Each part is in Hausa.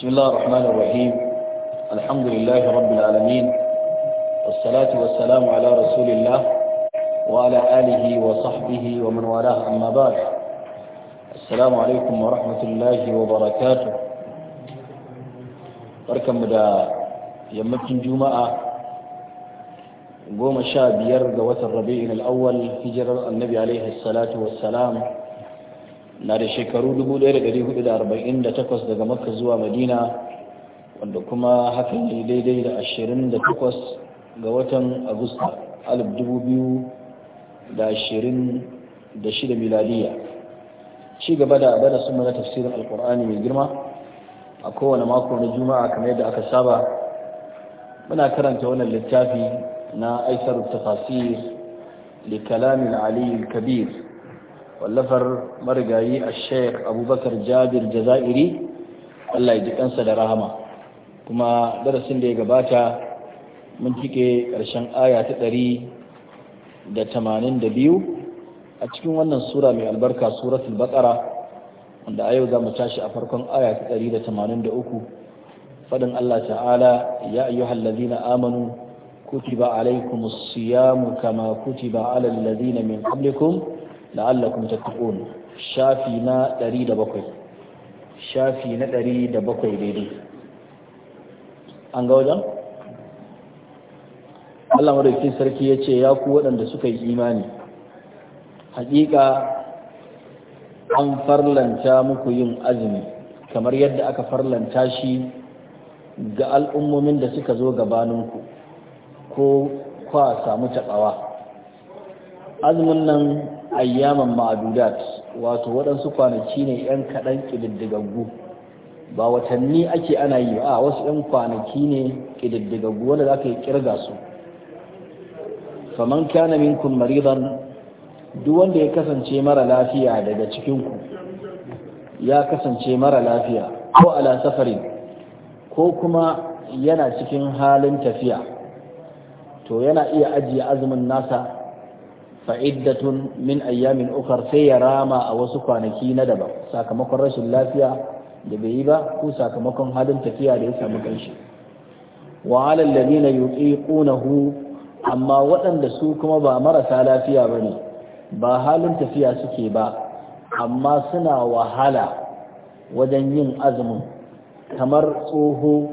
بسم الله الرحمن الرحيم الحمد لله رب العالمين والصلاة والسلام على رسول الله وعلى آله وصحبه ومن والاه أما بعد السلام عليكم ورحمة الله وبركاته بركم دا يمكن جمعة قوم الشاب يرد وتر ربيع الأول هجر النبي عليه الصلاة والسلام na da shekaru 1448 daga makka zuwa madina wanda kuma hakan ne daidai da 28 ga watan agusta 2026 miladiya ci gaba da abada sun mana tafsirin alkur'ani mai girma a kowane mako na juma'a kamar yadda aka saba muna karanta wannan littafi na aisar tafasir da kalamin Aliyu kabir wallafar marigayi a sheik abubakar jabir jaza'iri allah ya ji kansa da rahama kuma darasin da ya gabata mun cike ƙarshen aya ta ɗari da tamanin da biyu a cikin wannan sura mai albarka suratul baqara wanda a yau za mu tashi a farkon aya ta ɗari da tamanin da uku faɗin allah ta'ala ya ayyuhal ladina amanu kutiba siya siyamu kama kutiba alal ladina min qablikum la'allakum tattaqun shafi na 107 shafi na 107 daidai an ga wajen Allah madaukakin sarki ya ce ya ku waɗanda suka yi imani hakika an farlanta muku yin azumi kamar yadda aka farlanta shi ga al'ummomin da suka zo gabaninku ko kwa samu taɓawa azumin nan ayyaman ma'adudat wato waɗansu kwanaki ne 'yan kaɗan ƙididdigaggu ba watanni ake ana yi ba a wasu 'yan kwanaki ne ƙididdigaggu wanda za ka yi ƙirga su faman kana minkum maridan duk wanda ya kasance mara lafiya daga cikin ku ya kasance mara lafiya ko ala safarin ko kuma yana cikin halin tafiya to yana iya ajiye azumin nasa fa'iddatun min ayyamin ukar sai ya rama a wasu kwanaki na daba sakamakon rashin lafiya da bai yi ba ko sakamakon halin tafiya da ya samu kanshi wa na ladina yuqiqunahu amma waɗanda su kuma ba marasa lafiya ba ne, ba halin tafiya suke ba amma suna wahala wajen yin azumin kamar tsoho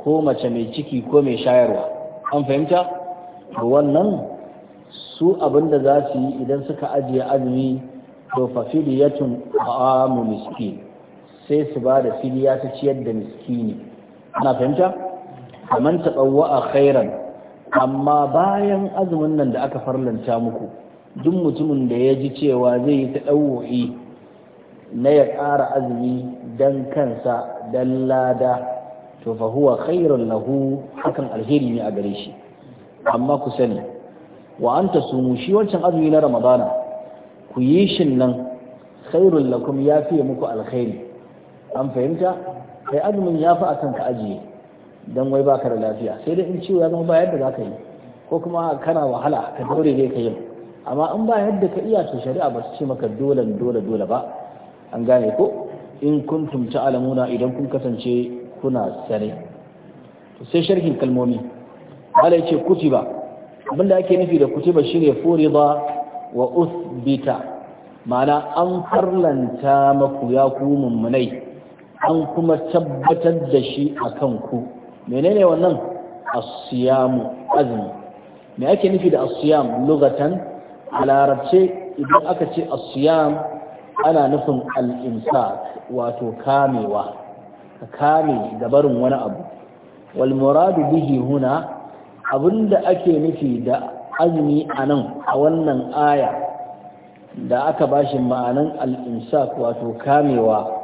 ko mace mai ciki ko mai shayarwa an fahimta wannan su abin da za su yi idan suka ajiye azumi to fa filiyatun ta'amu miskin sai su ba da filiya ta ciyar da miskini ana fahimta kaman taɓawa khairan amma bayan azumin nan da aka farlanta muku duk mutumin da ya ji cewa zai yi ta ɗauwa'i na ya ƙara azumi don kansa don lada to fa huwa khairun lahu hakan alheri ne a gare shi amma ku sani wa an tasumu shi wancan azumi na ramadana ku yi shin nan khairul lakum ya fiye muku alkhairi an fahimta kai azumin ya fi akan ka ajiye dan wai baka da lafiya sai dai in ciwo ya zama ba yadda zaka yi ko kuma kana wahala ka daure dai ka yi amma in ba yadda ka iya to shari'a ba su ce maka dole dole dole ba an gane ko in kuntum ta'lamuna idan kun kasance kuna sane to sai sharhin kalmomi Allah ya ce kutiba Abin da ake nufi da kutiba shine furida wa uthbita ma'ana an farlanta maku ya ku mummunai an kuma tabbatar da shi a kanku menene wannan asiyamu azumi me ake nufi da asiyam lugatan a larabce idan aka ce asiyam ana nufin alinsa wato kamewa ka kame da barin wani abu walmuradu bihi huna abinda ake nufi da azumi a nan a wannan aya da aka bashi ma'anan al'imsak wato kamewa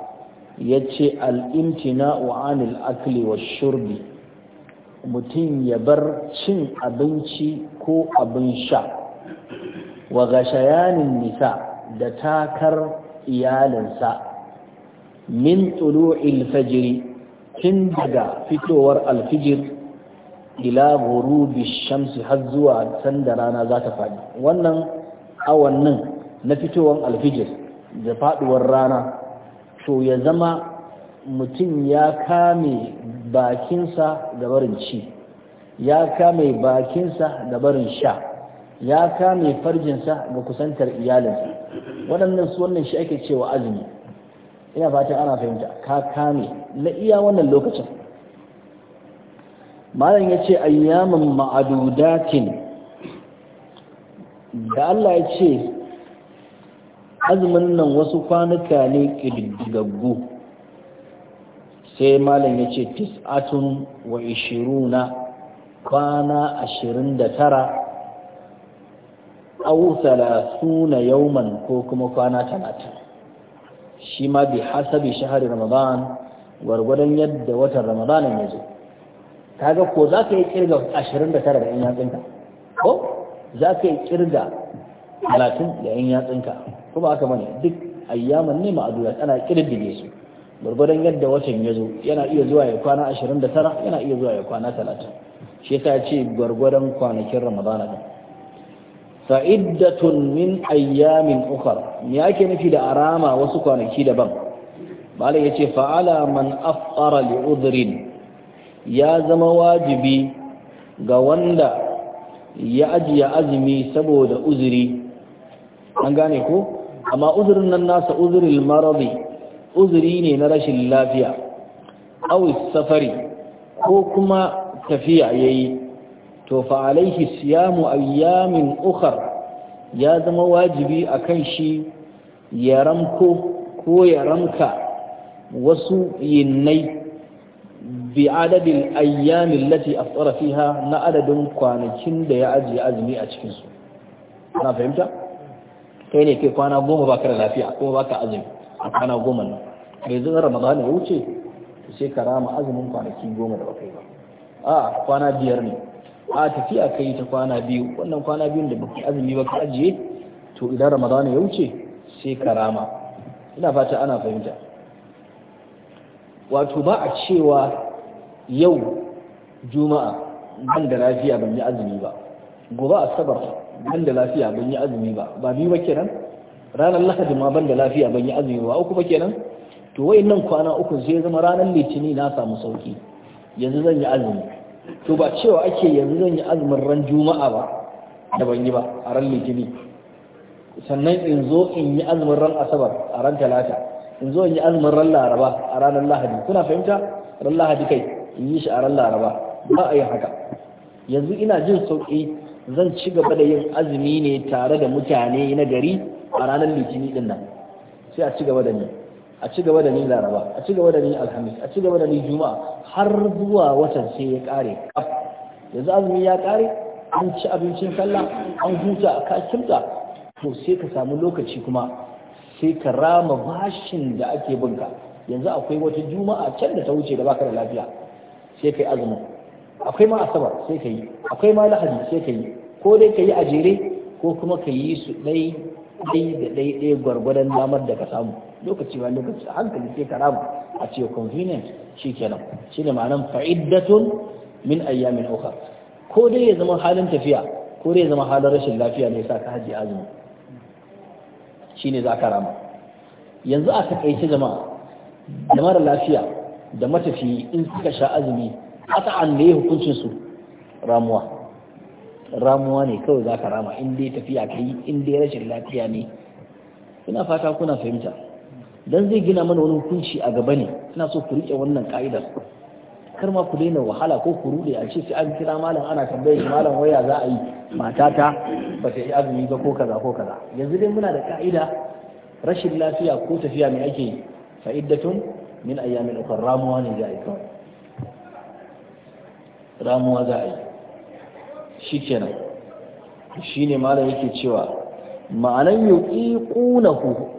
ya ce al'imtina wa akli wa shurbi mutum ya bar cin abinci ko abin sha wa gashayanin nisa da takar iyalinsa min tulu'il fajiri tun daga fitowar alfijir ila ghurubi shamsi har zuwa sanda rana za ta faɗi wannan awannin na fitowar alfijir da faɗuwar rana to ya zama mutum ya kame bakinsa da barin ci ya kame bakinsa da barin sha ya kame farjinsa ga kusantar iyalinsa waɗannan su wannan shi ake cewa azumi ina fatan ana fahimta ka kame na iya wannan lokacin malam ya ce ayyamin ma'adudatin da Allah ya ce azumin nan wasu kwanuka ne ƙididdigaggu sai malam ya ce tis'atun wa ishiruna kwana ashirin da tara au talasuna yauman ko kuma kwana talatin shi ma bi hasabi shahari ramadan gwargwadon yadda watan ramadanin ya zo ga ko za ka yi kirga 29 da yan yatsinka ko za ka yi kirga 30 da yan yatsinka ko ba haka bane duk ayyaman ne ma'adura tana kirdige su Gwargwadon yadda watan ya zo yana iya zuwa ya kwana 29 yana iya zuwa ya kwana 30 shi ta ya ce gwargwadon kwanakin ramadana ne fa'iddatun min ayyamin ukhar me yake nufi da arama wasu kwanaki daban malai yace fa'ala man afqara li udhrin ya zama wajibi ga wanda ya ajiye azumi saboda uzuri an gane ko amma uzurin nan nasa uzurin maradi uzuri ne na rashin lafiya Awi safari ko kuma tafiya yayi to fa alaihi siyamu ayyamin ukhar ya zama wajibi akan shi ya ramko ko ya ramka wasu yinnai bi adadin ayyamin lati aftara fiha na adadin kwanakin da ya ajiye azumi a cikin su na fahimta kai ne kai kwana goma baka da lafiya ko baka azumi a kwana goma nan bai zuwa ramadan ya wuce sai ka rama azumin kwanaki goma da baka yi ba a kwana biyar ne a tafiya kai ta kwana biyu wannan kwana biyun da baka azumi baka ajiye to idan ramadan ya wuce sai ka rama ina fata ana fahimta wato ba a cewa yau juma'a ban da lafiya ban yi azumi ba gobe asabar ban da lafiya ban yi azumi ba ba biyu ba kenan ranar lahadi ma ban da lafiya ban yi azumi ba uku ba kenan to nan kwana uku sai zama ranar litini na samu sauki yanzu zan yi azumi to ba cewa ake yanzu zan yi azumin ran juma'a ba da ban yi ba a ran litini sannan in zo in yi azumin ran asabar a ran talata in zo in yi azumin ran laraba a ranar lahadi kuna fahimta ran lahadi kai In yi shi a ran laraba ba a yi haka yanzu ina jin sauƙi zan ci gaba da yin azumi ne tare da mutane na gari a ranar litini din nan sai a ci gaba da ni a ci gaba da ni laraba a ci gaba da ni alhamis a ci gaba da ni juma'a har zuwa watan sai ya kare yanzu azumi ya ƙare. an ci abincin sallah an huta a kakinta to sai ka samu lokaci kuma sai ka rama bashin da ake binka yanzu akwai wata juma'a can da ta wuce da baka da lafiya sai yi azumi akwai ma asabar sai yi akwai ma lahadi sai yi ko dai yi a jere ko kuma ka yi su ɗai ɗai da ɗai ɗai gwargwadon damar da ka samu lokaci ba lokaci a hankali sai ka rama a ce kenan shi ne ma'anar fa'iddatun min ayyamin ukhra ko dai ya zama halin tafiya ko dai ya zama halin rashin lafiya ne sa ka haji azumi shine za ka rama yanzu a takaice jama'a da mara lafiya da matafi in suka sha azumi aka an ne hukuncin ramuwa ramuwa ne kawai za ka rama in dai tafiya ka yi in dai rashin lafiya ne ina fata kuna fahimta dan zai gina mana wani hukunci a gaba ne ina so ku rike wannan ka'idar kar ma ku daina wahala ko ku rude a ce sai an kira malam ana tambayar shi malam waya za a yi matata ba ta yi azumi ba ko kaza ko kaza yanzu dai muna da ka'ida rashin lafiya ko tafiya mai ake faiddatun min ayyamin ukar ramuwa ne za a yi kawai ramuwa za a yi shi kenan shi ne malam yake cewa ma'anan yuqiqunahu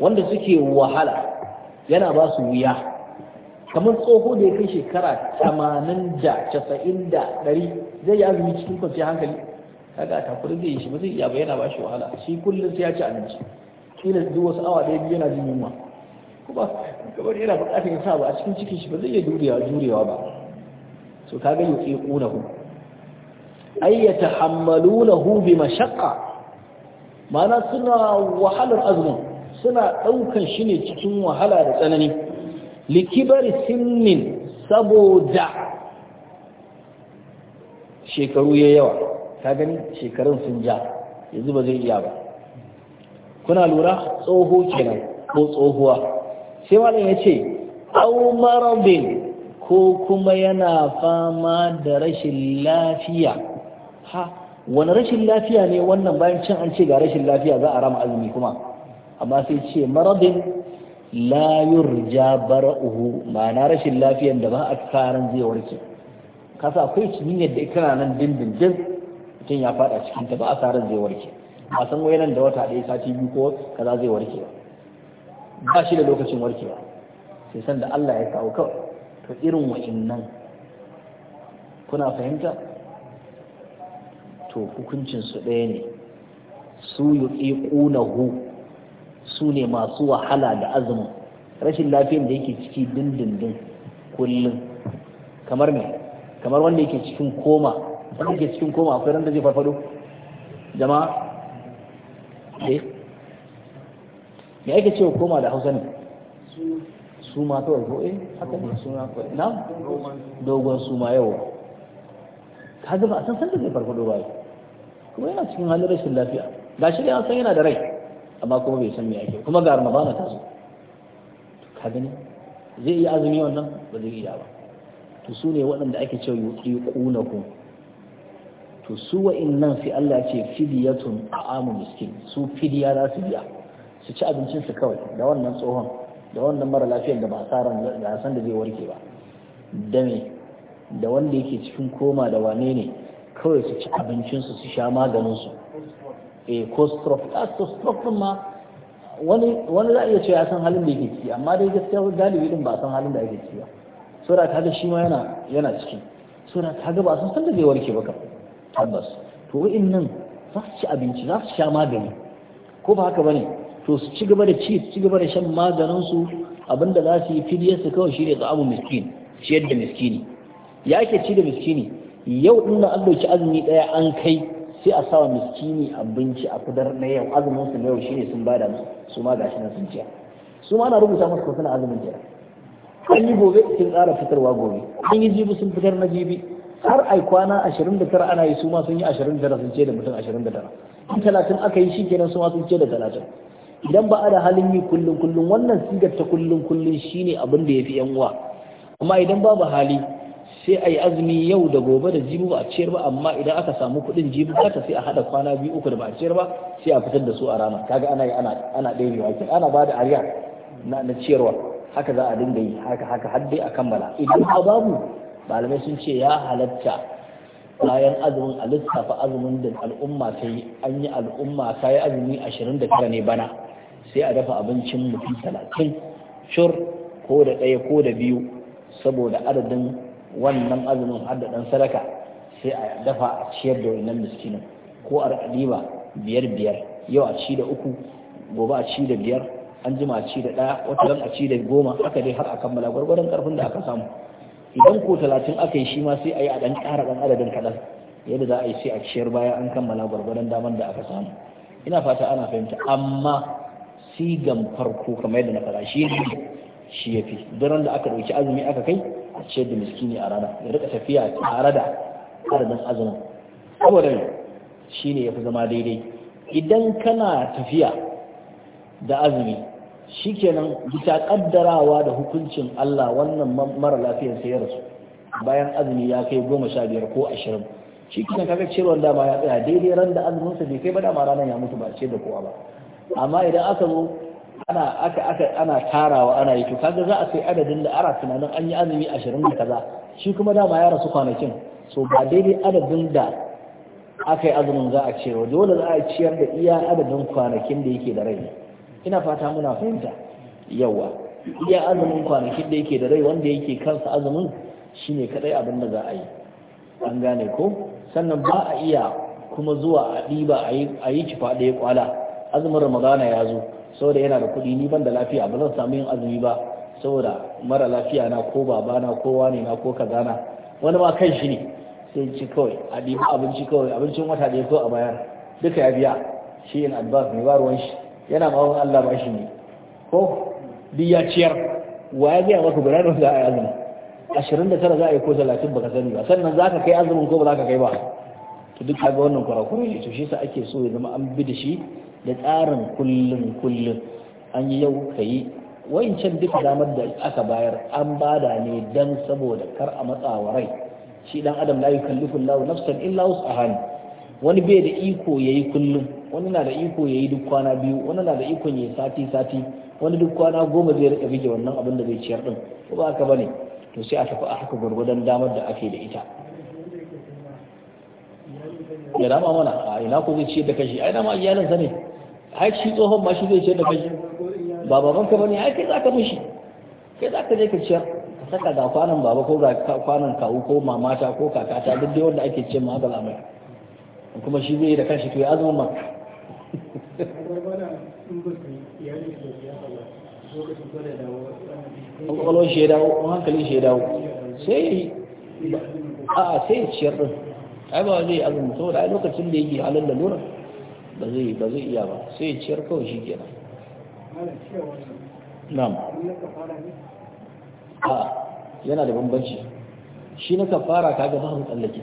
wanda suke wahala yana ba su wuya kamar tsoho da ya kai shekara tamanin da casa'in da ɗari zai yi azumi cikin kwanciyar hankali kaga a takuri zai yi shi ba zai iya bayyana yana ba shi wahala shi kullum sai ya ci abinci kila duk wasu awa ɗaya biyu yana jin yunwa kuma kamar yana bukatar ya saba a cikin cikin shi ba zai iya jurewa ba so kaga yuqiqunahu ay yatahammalunahu bi mashaqqa mana suna wahalar azumin suna daukan shi ne cikin wahala da tsanani likibari sinnin saboda shekaru ya yawa ka gani shekarun sun ja yanzu ba zai iya ba kuna lura tsoho kenan ko tsohuwa sai malam ya ce aumarobin ko kuma yana fama da rashin lafiya ha wani rashin lafiya ne wannan bayan cin an ce ga rashin lafiya za a rama azumi kuma amma sai ce marabin la yurja bara'uhu ma'ana rashin lafiyan da ba a karan zai warke kasa akwai kimiyyar da ikana nan dindindin mutum ya fada cikin ta ba a karin zai warke a san wayanan da wata ɗaya sati biyu ko kaza zai warke ba ba shi da lokacin warkewa sai san da Allah ya kawo kawai to irin nan. kuna fahimta to hukuncin su ɗaya ne su hu. su ne masu wahala da azumin rashin lafiyar da yake ciki dindindin kullum kamar ne. kamar wanda yake cikin koma wanda yake cikin koma akwai ran da zai farfado jama'a eh? me ake cewa koma da hausa ne su ma kawai ko eh haka ne suna kawai na dogon su ma yau kaga ba a san san da zai farfado ba kuma yana cikin halin rashin lafiya ga shi dai an san yana da rai amma kuma bai san me ake kuma ga ramadana ta zo ka gani zai iya azumi wannan ba zai iya ba to su ne waɗanda ake cewa kuna ku to su nan sai Allah ya ce fidiyatun a'amu miskin su fidiya za su biya su ci abincinsu kawai da wannan tsohon da wannan mara lafiyar da ba tsaron da san da zai warke ba da me da wanda yake cikin koma da wane ne kawai su ci abincinsu su sha maganinsu eh ko stroke a ah, stroke ma wani za a iya ce ya san halin da yake ciki amma dai gaskiya galibi din ba san halin da yake ciki ba so da ga shi ma yana yana ciki so da ga ba san san da zai warke ba kam tabbas to wa'annan za su ci abinci za su sha magani ko ba haka bane to su ci gaba da ci su ci gaba da shan maganin su abinda za su yi fidiyar su kawai shine abu miskin shi da miskini ya ke ci da miskini yau din da an dauki azumi daya an kai sai a sawa miskini abinci a kudar na yau azumin su na yau shine sun bada musu su ma gashi nan sun ciya su ma ana rubuta musu suna azumin jira an yi gobe sun tsara fitarwa gobe an yi jibi sun fitar na jibi har ai kwana 29 ana yi su ma sun yi 29 sun ce da mutum 29 in 30 aka yi shi kenan su ma sun ce da 30 idan ba a da halin yi kullum kullum wannan sigar ta kullum kullum shine abin da yafi yan uwa amma idan babu hali sai a azumi yau da gobe da jibi ba a ciyar ba amma idan aka samu kuɗin jibi kata sai a haɗa kwana biyu uku da ba a ciyar ba sai a fitar da su a rana kaga ana yi ana ana ɗairewa kin ana bada ariya na ciyarwa haka za a dinga yi haka haka har dai a kammala idan ba babu malamai sun ce ya halatta bayan azumin a lissafa azumin da al'umma ta yi an yi al'umma ta yi azumi ashirin da tara ne bana sai a dafa abincin mutum talatin shur ko da ɗaya ko da biyu saboda adadin wannan azumin har ɗan sadaka sai a dafa a ciyar da wannan miskinin ko a riba biyar biyar yau a ci da uku gobe a ci da biyar an jima a ci da ɗaya wata ran a ci da goma haka dai har a kammala gwargwaron karfin da aka samu idan ko talatin aka yi shi ma sai a yi a ɗan ƙara ɗan adadin kaɗan yadda za a yi sai a ciyar baya an kammala gwargwaron damar da aka samu ina fata ana fahimta amma sigan farko kamar yadda na fara shi ne shi yafi don da aka ɗauki azumi aka kai a ciyar da miskini a rana ya rika tafiya tare da adadin azumin saboda shi ne ya fi zama daidai idan kana tafiya da azumi shi shikenan bisa kaddarawa da hukuncin Allah wannan mara lafiyar sai ya rasu bayan azumi ya kai goma sha biyar ko ashirin shi shikenan kaga cewa dama ya tsaya daidai ran da azumin sa bai kai ba dama ranar ya mutu ba ce da kowa ba amma idan aka zo ana aka aka ana tarawa ana yi to kaga za a sai adadin da ara tunanin an yi azumi ashirin da kaza shi kuma dama ya rasu kwanakin so ba daidai adadin da aka yi azumin za a ciyarwa dole za a ciyar da iya adadin kwanakin da yake da rai ina fata muna fahimta yawa iya azumin kwanakin da yake da rai wanda yake kansa azumin shine kadai abin da za a yi an gane ko sannan ba a iya kuma zuwa a ɗiba a yi kifa ɗaya kwala azumin ramadana ya zo saboda yana da kuɗi ni ban da lafiya ba zan samu yin azumi ba saboda mara lafiya na ko babana ko wane na ko kazana wani ma kan shi ne sai ci kawai a ɗibi abinci kawai abincin wata da ya zo a bayar duka ya biya shi albas advance mai baruwan shi yana mawon Allah ba shi ne ko duk ya ciyar wa ya gaya maka guda za a yi azumi ashirin da tara za a yi ko talatin ba ka sani ba sannan za ka kai azumin ko ba za ka kai ba to duk kaga wannan kurakure ne to shi yasa ake so ya zama an bi da shi da tsarin kullun kullun an yi yau kayi wancan duk damar da aka bayar an bada ne dan saboda kar a matsawa rai shi dan adam la yukallifu Allahu nafsan illa wus'aha wani bai da iko yayi kullum wani na da iko yayi duk kwana biyu wani na da iko yayi sati sati wani duk kwana goma zai rika bige wannan abin da zai ciyar din ko ba haka bane to sai a tafi a haka gurgudan damar da ake da ita da dama mana a ina ku zai ciyar da kashi ai dama iyalinsa ne ai shi tsohon ma shi zai ciyar da kashi ba baban ka bane ai kai za ka mishi kai za ka je ka ciyar ka saka ga kwanan baba ko ga kwanan kawu ko mamata ko kakata duk dai wanda ake ce ma haka lamai kuma shi zai yi da kashi to ya azumin ma kwakwalwar shi ya dawo hankalin shi ya dawo sai a sai ciyar din ai ba zai azumi saboda ai lokacin da yake halin da lura ba zai ba zai iya ba sai ciyar kawai shi ke nan. na'am a yana da bambanci shi na kafara ka ga mu tsallake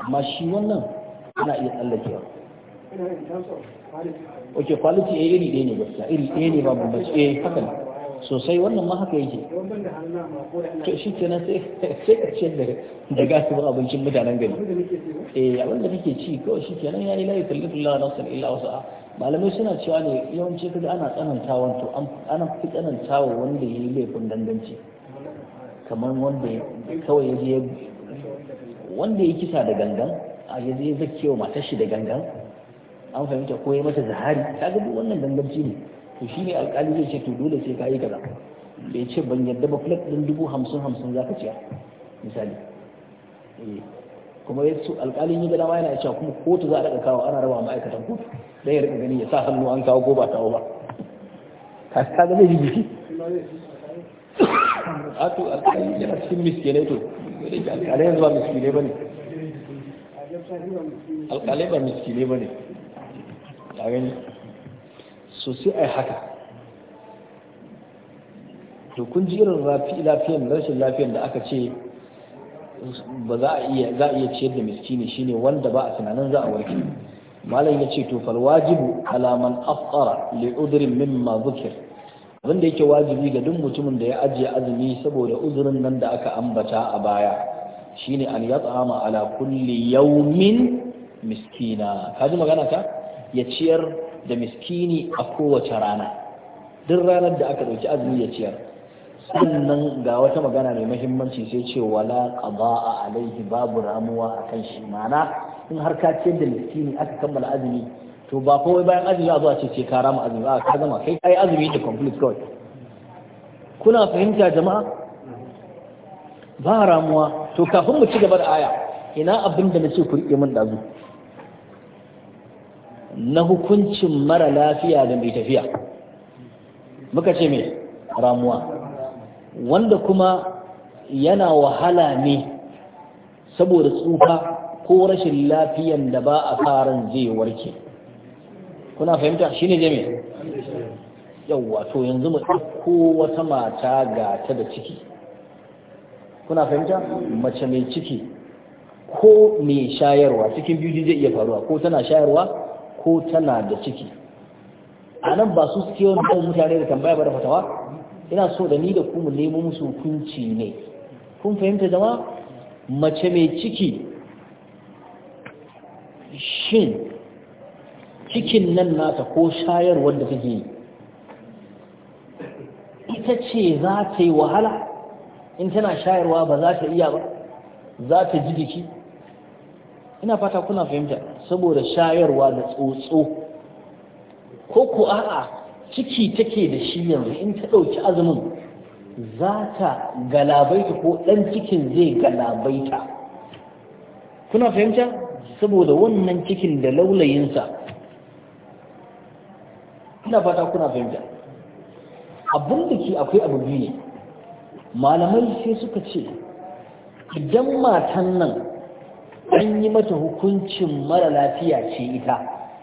amma shi wannan ana iya tsallakewa ok quality a iri ɗaya ne gaskiya iri ɗaya ne ba bambanci eh haka ne sosai wannan ma haka yake to shi kenan sai sai ka ce da gasu ba abincin mutanen gari eh abin da kake ci kawai shi kenan yayi lawa na Allahu nafsan illa a malamai suna cewa ne yawanci kaga ana tsananta to ana fi wa wanda ya yi laifin danganci kamar wanda kawai je wanda ya kisa da gangan a yanzu ya zakewa matar shi da gangan an fahimta ko ya mata zahari kaga duk wannan ganganci ne to shi ne alƙali zai ce to dole sai ka yi kaza da ya ce ban yadda ba flat ɗin dubu hamsin hamsin za ka ciya misali eh, kuma yadda su alƙalin yi da dama yana cewa kuma kotu za a daga kawo ana raba ma'aikatan kotu dan ya rika gani ya sa hannu an kawo ko ba kawo ba ka ka ga zai jiki a to alƙali yana cikin ne to alƙalai yanzu ba ne ba ne alƙalai ba miskinai ba ne ya gani so sai a yi haka to kun ji irin lafiyan rashin lafiyan da aka ce ba za a iya ciyar da miskini shine wanda ba a tunanin za a warke malam ya ce to fal wajibu ala man afqara li udrin mimma zukir abin da yake wajibi ga duk mutumin da ya ajiye azumi saboda uzurin nan da aka ambata a baya shine an yat'ama ala kulli yawmin miskina kaji magana ta ya ciyar da miskini a kowace rana duk ranar da aka ɗauki azumi ya ciyar sannan ga wata magana mai mahimmanci sai ce wala qada'a alaihi babu ramuwa akan shi mana in har ka ciyar da miskini aka kammala azumi to ba kowai bayan azumi a zuwa ce ce ka rama azumi ba ka gama kai kai azumi da complete kawai kuna fahimta jama'a ba ramuwa to kafin mu ci gaba da aya ina abin da nace ku rike min dazu na hukuncin mara lafiya da mai tafiya muka ce mai ramuwa wanda kuma yana wahala ne saboda tsufa ko rashin lafiyan da ba a faran zai warke kuna fahimta shi ne jami'a yauwa to yanzu mu ko wata mata ga ta da ciki kuna fahimta mace mai ciki ko mai shayarwa cikin biyu zai iya faruwa ko tana shayarwa ko tana da ciki a nan ba su suke ɗan mutane da tambaya ba da fatawa ina so da ni da ku mu nemo musu hukunci ne kun fahimta zama mace mai ciki shin cikin nan nata ko shayar wanda take yi ita ce za ta yi wahala in tana shayarwa ba za ta iya ba za ta ji jiki ina fata kuna fahimta saboda shayarwa da tsotso ko ku a'a ciki take da shi yanzu in ta ɗauki azumin za ta galabaita ko ɗan cikin zai galabaita kuna fahimta saboda wannan cikin da laulayinsa ina fata kuna fahimta abin da ke akwai abu ne malamai sai suka ce idan matan nan an yi mata hukuncin mara lafiya ce ita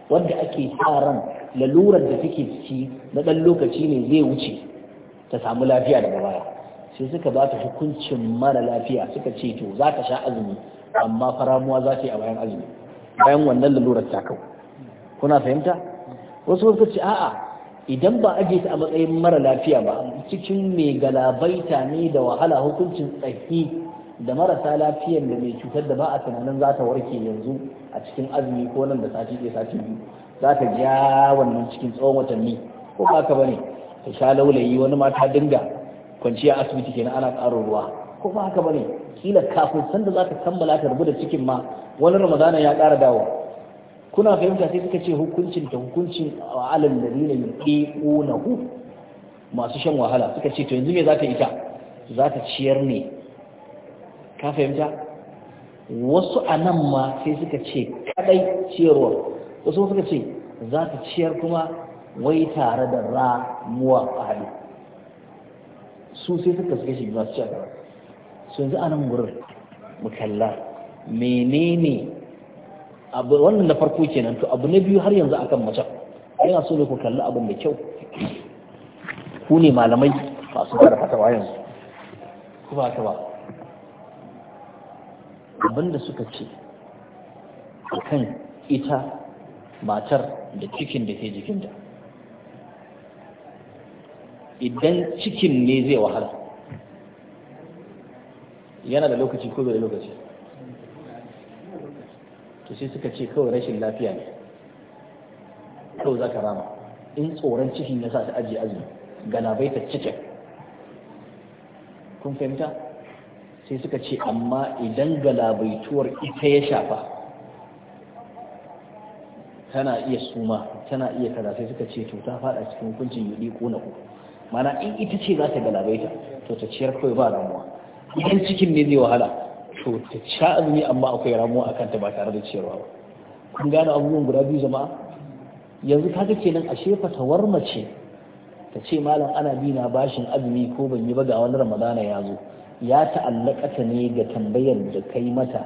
wanda ake tsaron lalurar da take ciki na ɗan lokaci ne zai wuce ta samu lafiya daga baya sai suka ba ta hukuncin mara lafiya suka ce to za ta sha azumi amma faramuwa za ta yi a bayan azumi bayan wannan lalurar ta kau kuna fahimta wasu suka ce a'a idan ba aje ta a matsayin mara lafiya ba cikin mai galabaita ne da wahala hukuncin tsahi da marasa lafiyan da mai cutar da ba a tunanin za ta warke yanzu a cikin azumi ko nan da sati ɗaya sati biyu za ta ja wannan cikin tsawon watanni ko ba ka bane ta sha laulayi wani mata dinga kwanciya asibiti kenan ana ƙarin ruwa ko ba ka bane kila kafin sanda za ta kammala ta rubuta cikin ma wani ramadana ya ƙara dawo kuna fahimta sai suka ce hukuncin ta hukuncin a alal ladina hu masu shan wahala suka ce to yanzu me za ta ita za ta ciyar ne ka fahimta wasu a nan ma sai suka ce kadai ciyarwa wasu suka ce za ka ciyar kuma wai tare da ramuwa ƙali su sai suka suka shi masu ciyar su yanzu a nan wurin mu kalla menene abu wannan da farko kenan to abu na biyu har yanzu akan macen yana so ne ku kalli abu mai kyau ku ne malamai masu bada fatawa yanzu ku ba ta ba da suka ce a kan ita matar da cikin da ke jikinta idan cikin ne zai wahala yana da lokaci ko bai da lokaci to sai suka ce kawai rashin lafiya ne kawai za ka rama in tsoron cikin ya sa ta ajiye azumi galabaita cikin kun fahimta sai suka ce amma idan galabaituwar ita ya shafa tana iya suma tana iya kada sai suka ce to ta fada cikin hukuncin yudi ko na mana in ita ce za ta galabaita to ta ciyar kawai ba ramuwa idan cikin ne zai wahala to ta sha azumi amma akwai ramuwa akan ta ba tare da ciyarwa ba kun gane abubuwan guda biyu jama'a yanzu ga kenan ashe fatawar mace ta ce malam ana bi bashin azumi ko ban yi ba ga wani ramadana ya zo ya ta'allaka ta ne ga tambayar da kai mata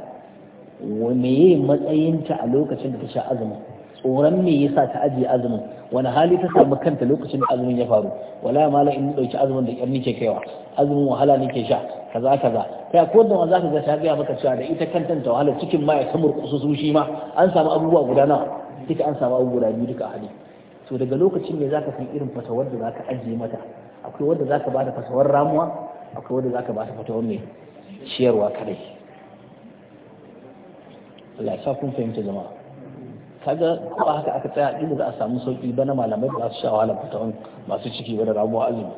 meye matsayinta a lokacin da ta sha azumin tsoron me yasa ta ajiye azumin wani hali ta samu kanta lokacin da azumin ya faru wala mala in dauki azumin da yar nake kaiwa azumin wahala ke sha kaza kaza kai ko da wanda zaka ga ta ga maka cewa da ita kanta ta wahala cikin ma ya kamar kususu shi ma an samu abubuwa guda nawa duka an samu abubuwa biyu duka hali to daga lokacin ne zaka san irin fatawar da zaka ajiye mata akwai wanda zaka bada fatawar ramuwa akwai wanda za ka ba su fata wani ciyarwa kadai Allah ya kun fahimta jama'a kaga ko haka aka tsaya inda za a samu sauki bana malamai ba su sha wahala fatawar masu ciki ba ramuwa azumi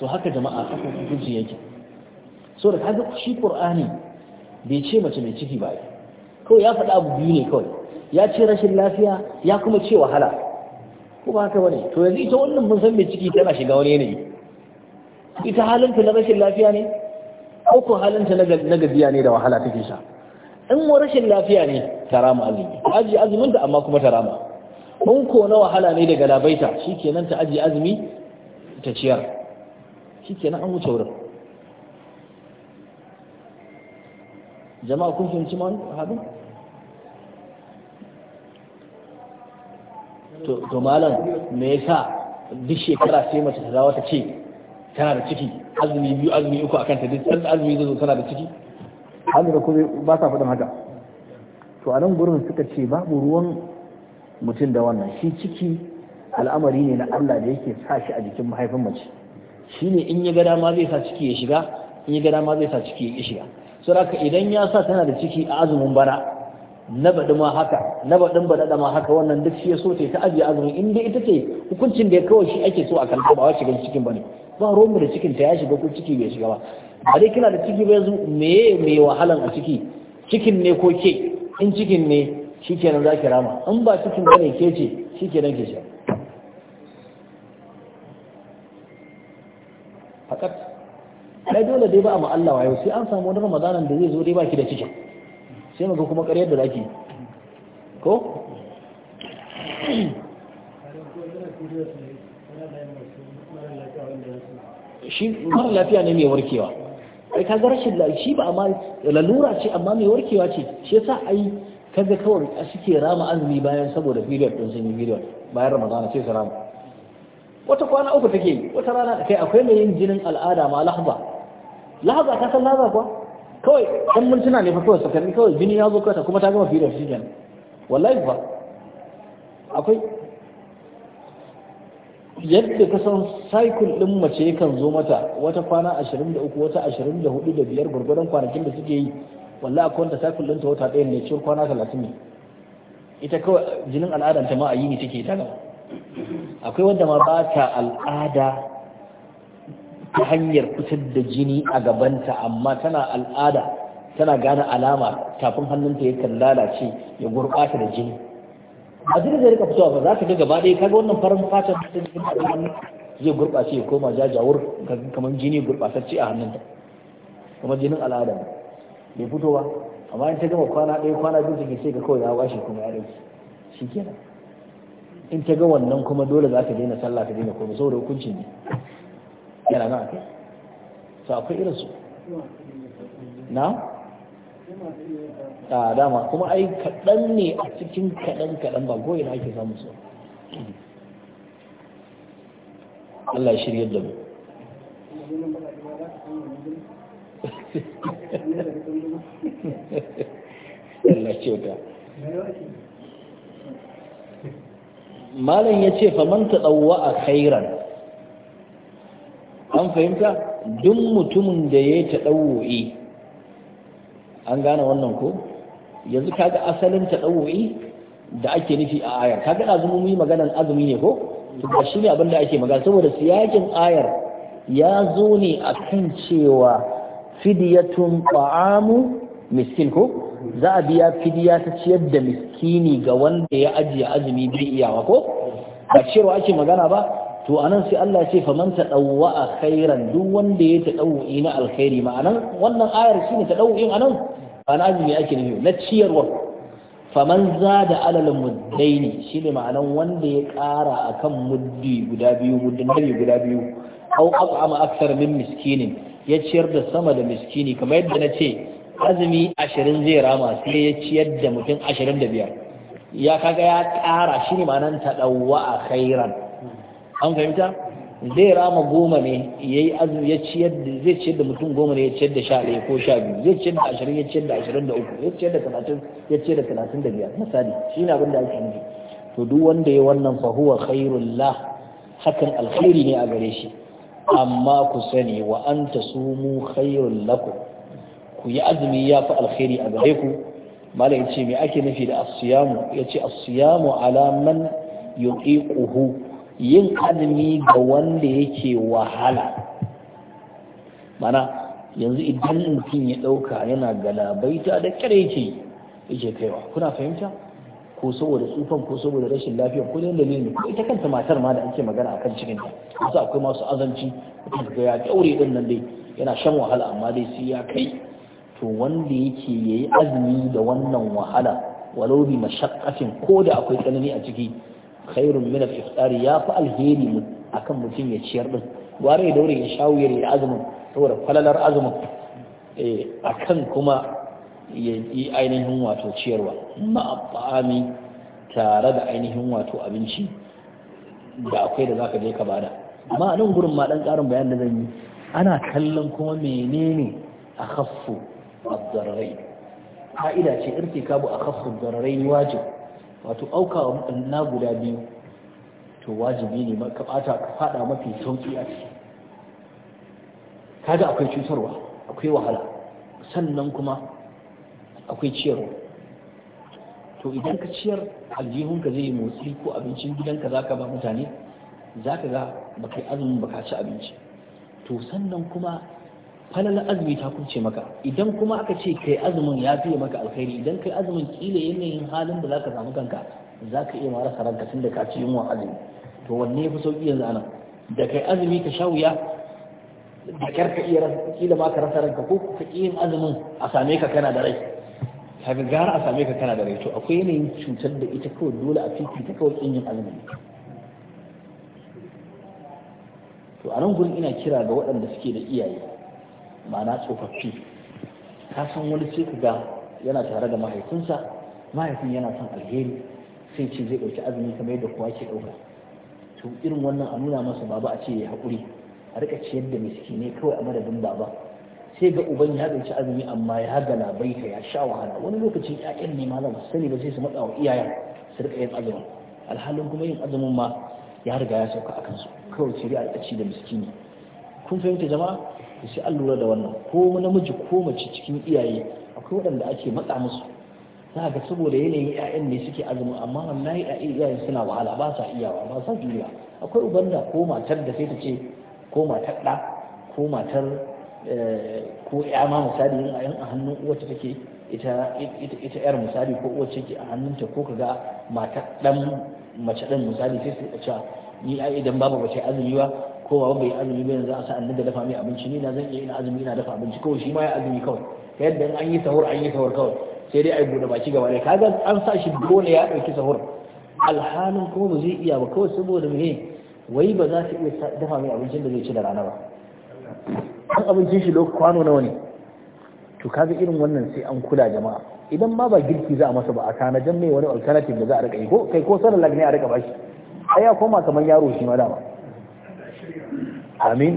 so haka jama'a haka hukunci yake so da kaga shi qur'ani bai ce mace mai ciki ba kawai ya faɗa abu biyu ne kawai ya ce rashin lafiya ya kuma ce wahala ko ba haka bane to yanzu ita wannan mun san mai ciki tana shiga wani yanayi ita halinta na rashin lafiya ne ko ko halinta na gajiya ne da wahala take sha in mu rashin lafiya ne ta rama azumi aji azumin da amma kuma ta rama in ko na wahala ne daga labaita shikenan ta aji azumi ta ciyar shikenan an wuce wurin jama'a kun fahimci ma wani to malam me yasa duk shekara sai mace ta dawo ta ce tana da ciki azumi biyu azumi uku akanta kanta duk azumi zai zo tana da ciki an da kuma ba sa faɗin haka to a nan gurin suka ce babu ruwan mutum da wannan shi ciki al'amari ne na Allah da yake sa shi a jikin mahaifin mace shi ne in ya ga dama zai sa ciki ya shiga in ya ga dama zai sa ciki ya shiga saboda idan ya sa tana da ciki a azumin bana na baɗi ma haka na baɗin baɗaɗa ma haka wannan duk shi ya so ta ajiye azumin in dai ita ce hukuncin da ya kawo shi ake so a kan ba wa shiga cikin ba ne ba ruwan mu da cikin ta ya shiga ko ciki bai shiga ba ba dai kina da ciki ba yanzu meye me wahalan a ciki cikin ne ko ke in cikin ne shikenan za ki rama in ba cikin ba ne ke ce shikenan ke sha fakat dai dole dai ba a Allah yau sai an samu wani ramadanan da zai zo dai baki da cikin sai mu ga kuma ƙaryar da zaki ko shi mara lafiya ne mai warkewa ai ka ga rashin shi ba amma lalura ce amma mai warkewa ce shi yasa ai kaga kawai suke rama azumi bayan saboda period din sun yi period bayan ramadana sai su rama wata kwana uku take wata rana kai akwai mai yin jinin al'ada ma lahza lahza ka san lahza kuwa kawai ɗan mintuna ne fa kawai sakanni kawai jini ya zo kata kuma ta gama fiye da shi kenan wallahi ba akwai yadda ka san cycle din mace kan zo mata wata kwana 23 wata 24 da biyar gurgurdan kwanakin da suke yi wallahi akwai wanda cycle din ta wata ɗaya ne cikin kwana 30 ne ita kawai jinin al'adanta ta ma a yi ne take ta gaba akwai wanda ma ba ta al'ada ta hanyar fitar da jini a gabanta amma tana al'ada tana gane alama kafin hannunta ya kan lalace ya gurɓata da jini a jini zai rika fitowa ba za ka ga gaba ɗaya kaga wannan farin fata da jini zai gurɓace ya koma jajawur kamar jini gurɓatacce a hannunta kuma jinin al'ada bai fito ba amma in ta gama kwana ɗaya kwana biyu take sai ka kawai ya washe kuma ya ɗauki shi kenan in ta ga wannan kuma dole za ta daina sallah ta daina komai saboda hukuncin ne yana nan akai to akwai irin su na a dama kuma ai kaɗan ne a cikin kaɗan kaɗan ba goyi na ake samun su Allah ya shirya da mu Allah kyauta malam ya ce faman ta ɗauwa a khairan an fahimta duk mutumin da ya ta ɗawo'i an gane wannan ko yanzu kaga asalin ta da ake nufi a ayar kaga azumi maganan azumi ne ko ba shi ne abin da ake magana saboda siyakin ayar ya zo ne a kan cewa fidiyatun ba'amu miskin ko za a biya fidiya ta ciyar da miskini ga wanda ya ajiye azumi bai iyawa ko ba cewa ake magana ba to anan sai Allah ce faman tadawwa khairan duk wanda ya tadawwi na alkhairi ma'anan wannan ayar shine tadawwin anan ba na azumi ake nufi na ciyarwa faman zada alal muddaini shine ma'anan wanda ya ƙara akan muddi guda biyu muddin nabi guda biyu au at'ama akthar min miskinin ya ciyar da sama da miskini kamar yadda na ce azumi ashirin zai rama sai ya ciyar da mutum ashirin da biyar ya kaga ya ƙara shi ma'anan ma'anar a khairan an fahimta zai rama goma ne ya yi azumi ya ciyar da zai ciyar da mutum goma ne ya ciyar da sha ɗaya ko sha biyu zai ciyar da ashirin ya ciyar da ashirin da uku ya ciyar da talatin ya ciyar da talatin da biyar misali shi ne abin da ake nufi to duk wanda ya wannan fahuwa khairun la hakan alkhairi ne a gare shi amma ku sani wa an ta sumu khairun lakum ku yi azumi ya fi alkhairi a gare ku malam ya ce me ake nufi da asiyamu ya ce asiyamu ala man yuqiquhu yin azumi ga wanda yake wahala mana yanzu idan mutum ya ɗauka yana galabaita da kare yake yake kaiwa kuna fahimta ko saboda tsufan ko saboda rashin lafiya ko da dalilin ko ita kanta matar ma da ake magana akan cikin ta wasu akwai masu azanci ga ya kaure din nan dai yana shan wahala amma dai sai ya kai to wanda yake yayi azumi da wannan wahala walau bi mashaqqatin ko da akwai tsanani a ciki khairun min al-iftar ya fa alheri mu akan mutum ya ciyar din ware ya daure ya shawo ya azumin saboda falalar azumin eh akan kuma ya yi ainihin wato ciyarwa ma'afami tare da ainihin wato abinci da akwai da zaka je ka bada amma a nan gurin ma dan karin bayan da zan yi ana kallon kuma menene a ad-dararai ka'ida ce irtikabu a khaffu ad-dararai wajib wato auka wa na guda biyu to wajibi ne ka bata ka fada mafi sauki a ciki kaga akwai cutarwa akwai wahala sannan kuma akwai ciyarwa to idan ka ciyar aljihunka zai motsi ko abincin gidanka ka ba mutane za ka ga kai azumin baka ci abinci to sannan kuma falal azumi ta kunce maka idan kuma aka ce kai azumin ya fiye maka alkhairi idan kai azumin kila yanayin halin da zaka samu kanka zaka iya mara ranka tun da ka ci yunwa azumi to wanne yafi sauki yanzu anan da kai azumi ka sha wuya da kyar ka iya kila ma ka rasa ranka ko ka yin azumin a same ka kana da rai kaga gara a same ka kana da rai to akwai yanayin cutar da ita kawai dole a fifita kawai kin yin azumi to a nan gurin ina kira ga waɗanda suke da iyaye ma'ana tsofaffi ka san wani sai ku ga yana tare da mahaifinsa mahaifin yana son alheri sai ce zai ɗauki azumi kamar yadda kowa ke ɗauka to irin wannan a nuna masa baba a ce ya haƙuri a rika ciyar da ne kawai a madadin baba sai ga uban ya ɗauki azumi amma ya haga labaita ya sha wahala wani lokacin ƴaƴan ne ma za su sani ba sai su matsa wa iyayen su rika yin azumin alhalin kuma yin azumin ma ya riga ya sauka a kansu kawai cire a da miskini kun fahimta jama'a Ku sai an lura da wannan ko namiji ko mace cikin iyaye akwai waɗanda ake matsa musu za ga saboda yanayin 'ya'yan ne suke azumi amma wallahi iyayen suna wahala ba sa iyawa ba sa juriya akwai ubanda ko matar da sai ta ce ko matar ɗa ko matar eh, ko ya ma misali yin a hannun uwata take ita ita yar misali ko wacce ke a hannunta ko kaga matar ɗan mace ɗan misali sai su ce ni ai idan babu bace azumi ba kowa bai azumi ba yanzu a sa annabi dafa mai abinci ni na zan iya ina azumi ina dafa abinci kawai shi ma ya azumi kawai ta yadda an yi sahur an yi sahur kawai sai dai a yi bude baki gaba ɗaya kaga an sa shi dole ya ɗauki sahur alhalin kuma ba zai iya ba kawai saboda me wai ba za ta iya dafa mai abincin da zai ci da rana ba an abincin shi lokacin kwano nawa ne to kaga irin wannan sai an kula jama'a idan ma ba girki za a masa ba a tanajan mai wani alternative da za a rika yi ko kai ko sanar ne a rika bashi ai ya koma kamar yaro shi ma dama amin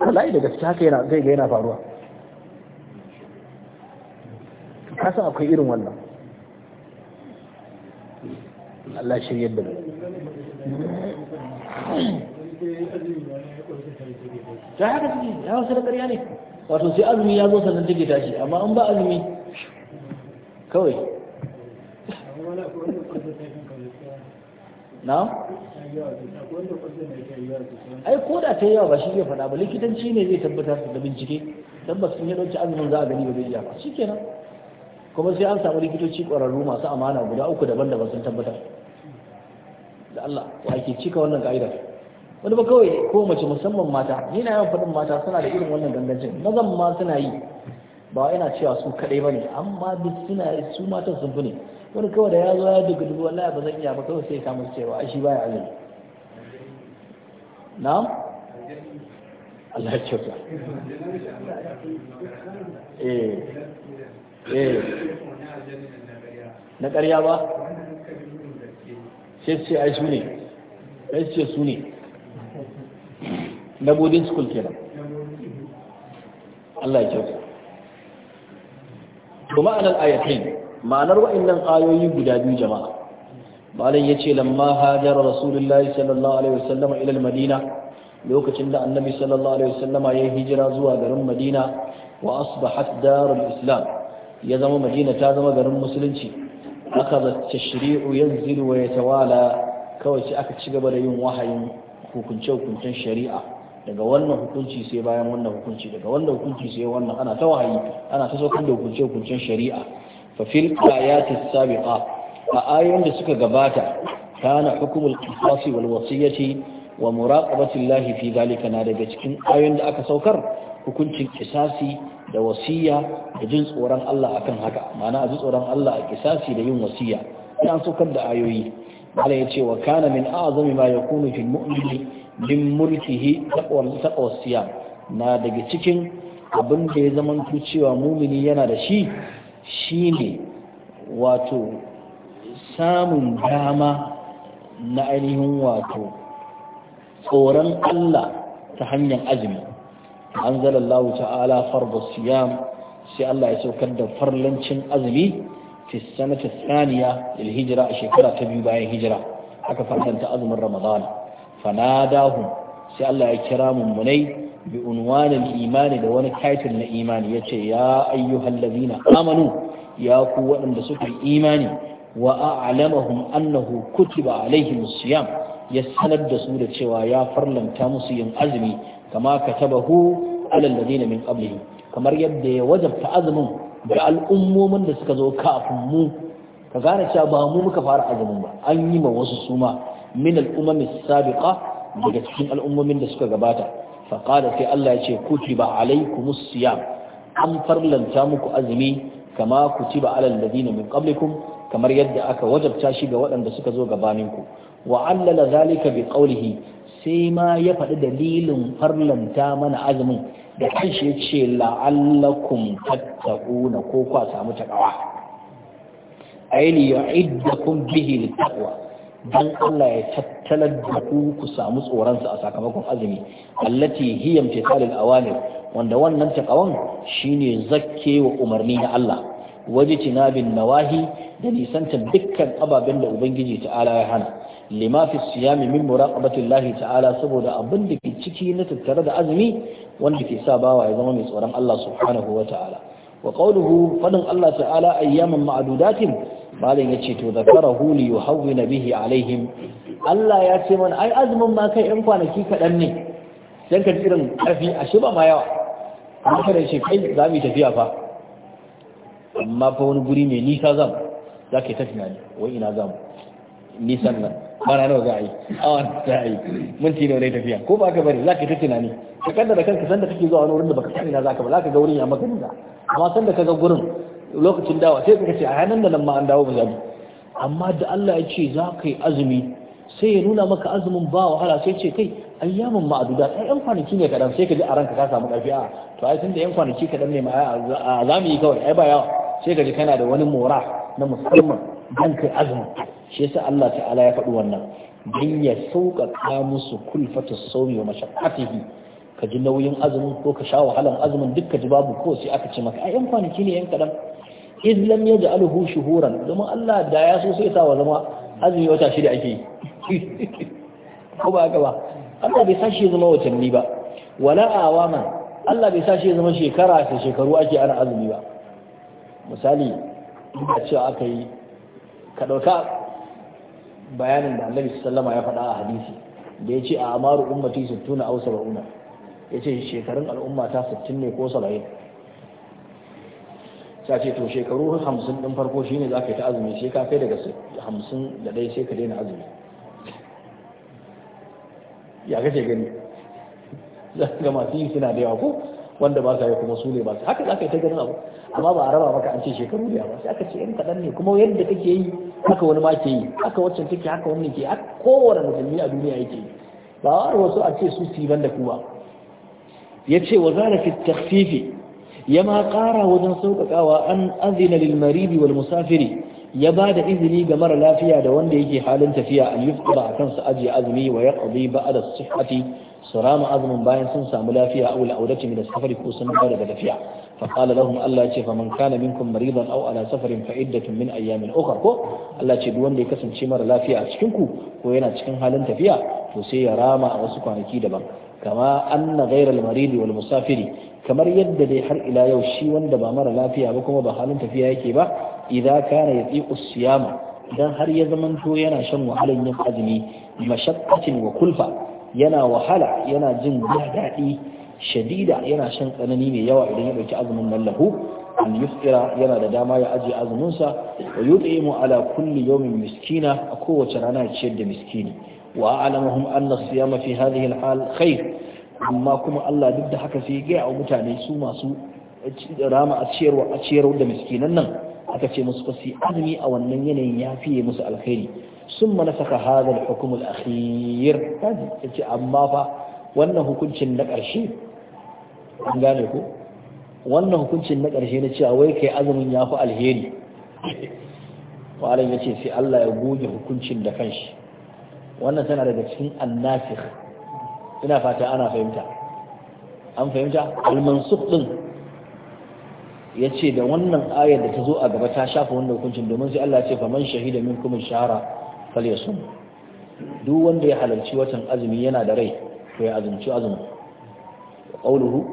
wallahi da gaske haka yana zai ga yana faruwa kasa akwai irin wannan Allah shirye da ta haka suke ya wasu da ƙarya ne wato sai azumi ya zo sannan take tashi amma an ba azumi kawai Na'am. ai ko da ta yawa ba shi zai faɗa ba likitanci ne zai tabbatar da bincike tabbas sun ya wacce azumin za a gani ba zai iya ba shikenan kuma sai an samu likitoci ƙwararru masu amana guda uku daban-daban sun tabbatar da Allah wa ake cika wannan ka'idar wani ba kawai ko mace musamman mata ni yawan faɗin mata suna da irin wannan gangancin mazan ma suna yi ba ina cewa su kaɗai ba ne amma duk suna su matan sun fi ne wani kawai da ya zo ya duka dubu wallahi ba zan iya ba kawai sai kamar cewa a shi baya alim Na? Allah ya kyauta eh eh na ƙarya ba sai ce ai su ne sai ce su ne na godin school kenan Allah ya kyauta kuma ma'anar ayatin ma'anar wa'annan ayoyi guda biyu jama'a malam yace lamma hajara rasulullahi sallallahu alaihi wasallam ila al-madina lokacin da annabi sallallahu alaihi wasallam ya hijira zuwa garin madina wa asbahat darul islam ya zama madina ta zama garin musulunci aka da tashri'u yanzilu wa yatawala kawai sai aka ci gaba da yin wahayin hukunce hukuncen shari'a daga wannan hukunci sai bayan wannan hukunci daga wannan hukunci sai wannan ana ta wahayi ana ta saukar da hukunce hukuncen shari'a fa fil ayati sabiqa a ayoyin da suka gabata kana hukumul qisasi wal wasiyati wa muraqabati Allah fi zalika na daga cikin ayoyin da aka saukar hukuncin kisasi da wasiya da jin tsoron Allah akan haka ma'ana a ji tsoron Allah a kisasi da yin wasiya ina saukar da ayoyi Allah ya ce wa kana min a'zami ma yakunu fil mu'mini min mulkihi taqwa taqwa na daga cikin abinda ya zama cewa mumini yana da shi shine wato samun dama na ainihin wato tsoron Allah ta hanyar azumi an zalallahu ta'ala farba siyam sai Allah ya saukar da farlancin azumi fi saniya lil hijira a shekara ta biyu bayan hijira aka farlanta azumin ramadan fanadahu sai Allah ya kira mummunai bi unwanin imani da wani title na imani ya ce ya ayyuhan lazina, amanu ya ku waɗanda suka yi imani wa a'lamahum annahu kutiba alaihim siyam ya sanar da su da cewa ya farlanta musu yin azumi kama hu, alal ladina min qablihim kamar yadda ya wajabta azumin ga al'ummomin da suka zo kafin mu ka gane cewa ba mu muka fara azumin ba an yi ma wasu suma min al'umami sabiƙa daga cikin al'ummomin da suka gabata faƙada sai Allah ya ce kutiba alaikumus siyam an farlanta muku azumi kama kutiba alal ladina min qablikum kamar yadda aka wajabta shi ga waɗanda suka zo gabaninku wa allala zalika bi qawlihi sai ma ya faɗi dalilin farlanta mana azumin da kanshi ya ce la'allakum tattaquna ko kwa samu takawa ayli yu'iddakum bihi littaqwa dan Allah ya tattalar da ku ku samu tsoronsa a sakamakon azumi allati hiya imtisalul awamir wanda wannan takawan shine zakke wa umarni na Allah wajitina bin nawahi da nisanta dukkan ababen da ubangiji ta'ala ya hana lima fi siyami min muraqabati ta'ala saboda abin da ke ciki na tattare da azumi wanda ke sa bawa ya zama mai tsoron Allah subhanahu wa ta'ala wa qawluhu fadin Allah ta'ala ayyaman ma'dudatin malin yace to zakarahu li yuhawwina bihi alaihim Allah ya ce mana ai azumin ma kai in kwanaki kaɗan ne dan ka irin ƙarfi a shi ba ma yawa amma kada shi kai za mu tafiya fa amma fa wani guri mai nisa zan za ka yi ta tunani wai ina zamu nisan nan bana nawa za a yi awa za a yi minti nawa tafiya ko ba ka bari za ka yi ta ne. ka da kanka sanda kake zuwa wani wurin da baka san ina za ka ba za ka ga wurin ya maka da. amma sanda ka ga gurin lokacin dawa sai ka ce a yanan da nan ma an dawo mu zabi amma da Allah ya ce za ka yi azumi sai ya nuna maka azumin ba wahala sai ce kai ayyamin ma'aduda sai yan kwanaki ne kadan sai ka ji a ranka ka samu karfi a to ai tunda yan kwanaki kadan ne ma a zamu yi kawai ai ba yawa sai ka ji kana da wani mora na musamman dan kai azumin shi yasa Allah ta'ala ya faɗi wannan dan ya sauƙaƙa musu kulfata sawmi wa mashaqqatihi ka ji nauyin azumin ko ka sha wahalan azumin duk ka ji babu ko sai aka ce maka ai yan kwanaki ne yan kadan ya ji alhu shuhuran domin Allah da ya so sai sawa zama azumi wata shida ake yi ko ba haka ba Allah bai sa shi zama watanni ba wala awaman Allah bai sa shi zama shekara ta shekaru ake ana azumi ba misali a cewa aka yi ka dauka bayanin da Annabi sallama ya faɗa a hadisi da ya ce a amaru ummati 60 aw 70 yace shekarun al'umma ta 60 ne ko 70 sai ce to shekaru hamsin din farko shi ne za ka yi ta azumi sai ka kai daga hamsin da ɗaya sai ka daina azumi ya kake gani za ga masu yi suna da yawa ko wanda ba sa yi kuma su ne ba su haka za ka yi ta ganin abu amma ba a raba maka an ce shekaru da yawa sai aka ce yan kaɗan ne kuma yadda kake yi haka wani ma ke yi haka waccan take haka wani ke haka kowane musulmi a duniya yake yi ba wa wasu a ce su su yi ban da ku ba ya ce wa zara fi tafifi ya ma ƙara wajen sauƙaƙawa an azina lil maridi wal musafiri ya ba da izini ga mara lafiya da wanda yake halin tafiya an yi ba a kansu ajiye azumi wa ya ƙabi ba a da sihati su rama azumin bayan sun samu lafiya a aurati min safari ko sun ba daga tafiya fa lahum Allah ce fa man kana minkum maridan aw ala safarin fa iddatun min ayyamin ukhra ko Allah ce duk wanda ya kasance mara lafiya a cikin ku ko yana cikin halin tafiya to sai ya rama a wasu kwanaki daban kama anna ghayra al-marid wal musafiri kamar yadda dai har ila yau shi wanda ba mara lafiya ba kuma ba halin tafiya yake ba idza kana yatiqu siyama dan har ya zamanto yana shan wahalan yin azumi mashaqqatin wa kulfa yana wahala yana jin daɗi shadida yana shan tsanani mai yawa idan ya dauki azumin nan lahu an yana da dama ya ajiye azumin sa wa yut'imu ala kulli yawmin miskina a kowace rana ya ciyar da miskini wa a'lamuhum anna siyama fi hadhihi al-hal khair amma kuma Allah duk da haka sai gaya wa mutane su masu rama a ciyarwa a ciyarwa da miskinan nan aka ce musu fasi azumi a wannan yanayin ya fiye musu alkhairi sun mana saka hadal hukumul akhir ta ce amma fa wannan hukuncin na ƙarshe an gane ko wannan hukuncin na ƙarshe na cewa wai kai azumin ya fi alheri malam ya ce sai Allah ya goge hukuncin da kanshi wannan tana daga cikin annasikh ina fata ana fahimta an fahimta suf din ya ce da wannan ayar da ta zo a gaba ta shafa wannan hukuncin domin sai Allah ya ce faman shahida min kuma shahara falyasum duk wanda ya halarci watan azumi yana da rai to ya azumci azumin qauluhu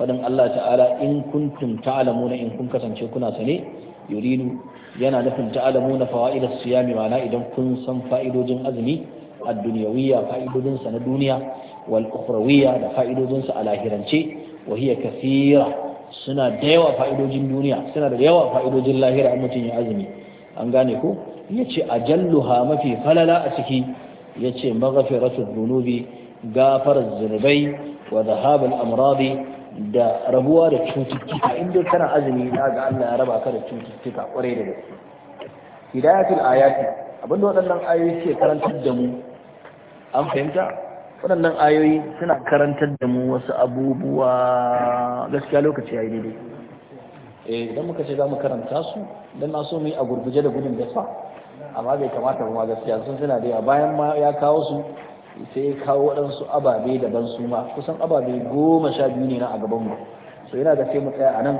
fadin Allah ta'ala in kuntum ta'lamuna in kun kasance kuna sane yuridu yana nufin ta'lamuna fawaidus siyami ma'ana idan kun san fa'idojin azumi ad-dunyawiyya fa'idodin sa na duniya wal ukhrawiyya da fa'idodinsu a lahirance wa hiya suna da yawa fa'idojin duniya suna da yawa fa'idojin lahira in mutum ya azumi an gane ko yace jalluha mafi falala a ciki yace maghfiratud dunubi gafar zunubai wa dhahabul amradi da rabuwa da cututtuka in dai kana azumi da ga Allah ya raba ka da cututtuka kwarai da gaske hidayatul ayati abinda waɗannan ayoyi ke karantar da mu an fahimta waɗannan ayoyi suna karantar da mu wasu abubuwa gaskiya lokaci ya yi daidai eh idan muka ce za mu karanta su don na so mu yi a gurguje da gudun dafa, amma bai kamata ba ma gaskiya sun suna da bayan ma ya kawo su sai ya kawo waɗansu ababe daban su ma kusan ababe goma sha biyu ne na a gaban mu so yana da sai mu tsaya a nan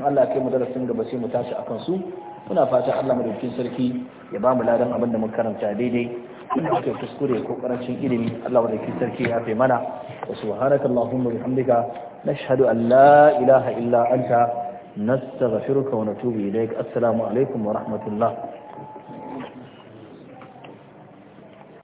in Allah ya kai mu darasin gaba sai mu tashi akan su muna fata Allah madaukakin sarki ya ba mu ladan abin da muka karanta daidai inda ke kuskure ko karancin ilimi Allah wa dake sarki ya fe mana wa subhanaka allahumma hamdika nashhadu an la ilaha illa anta nastaghfiruka wa natubu ilaik assalamu alaikum wa rahmatullah